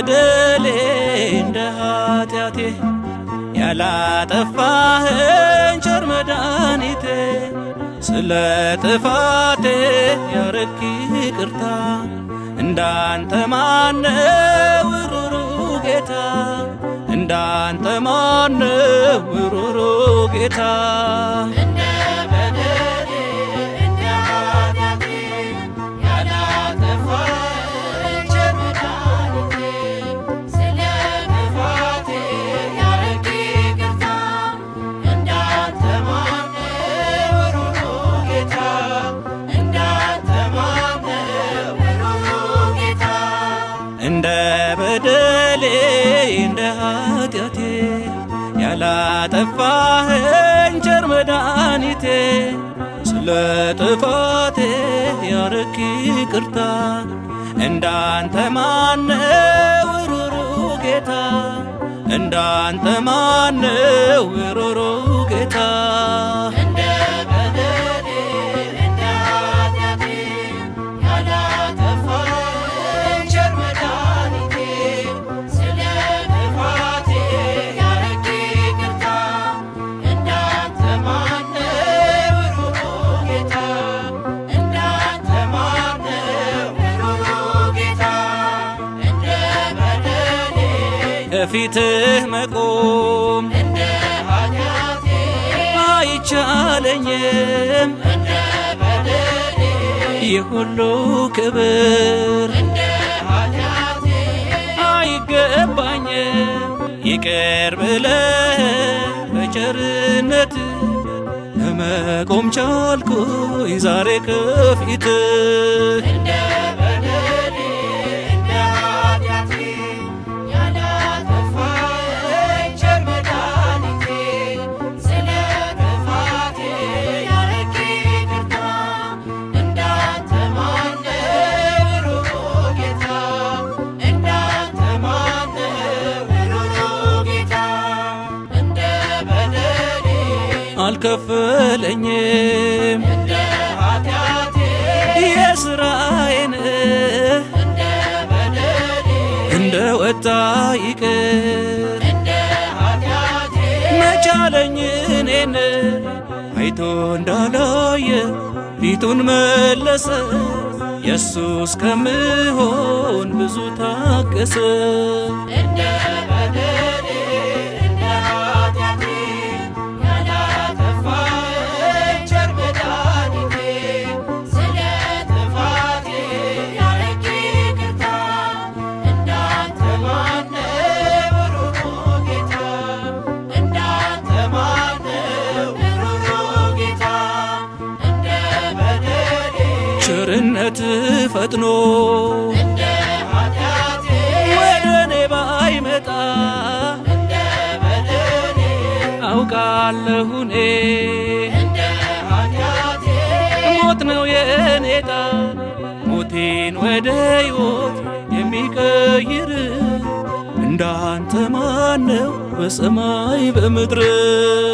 በደሌ እንደ ኃጢአቴ ያላጠፋህን ቸር መድኃኒቴ ስለ ጥፋቴ ያረክ ይቅርታ እንዳንተ ማነው ሩሩ ጌታ እንዳንተ ማነው ሩሩ ጌታ እንደ ኃጢአቴ ያላጠፋኸኝ ቸር መድኃኒቴ ስለ ጥፋቴ ያረክ ይቅርታ እንዳንተ ማነው ሩሩ ጌታ እንዳንተ ማነው ሩሩ ጌታ ከፊትህ መቆም አይቻለኝም የሁሉ ክብር አይገባኝም። ይቅር ብለህ በቸርነት መቆም ቻልኩኝ ዛሬ ከፊትህ አልከፈለኝም የስራዬን እንደ ወጣ ይቅር መቻለኝ እኔን አይቶ እንዳላየ ፊቱን መለሰ የሱስ ከምሆን ብዙ ታገሰ ቸርነት ፈጥኖ ወደ እኔ ባይመጣ አውቃለሁኔ ሞት ነው የእኔ ጣ ሞቴን ወደ ሕይወት የሚቀይር እንዳንተ ማነው በሰማይ በምድር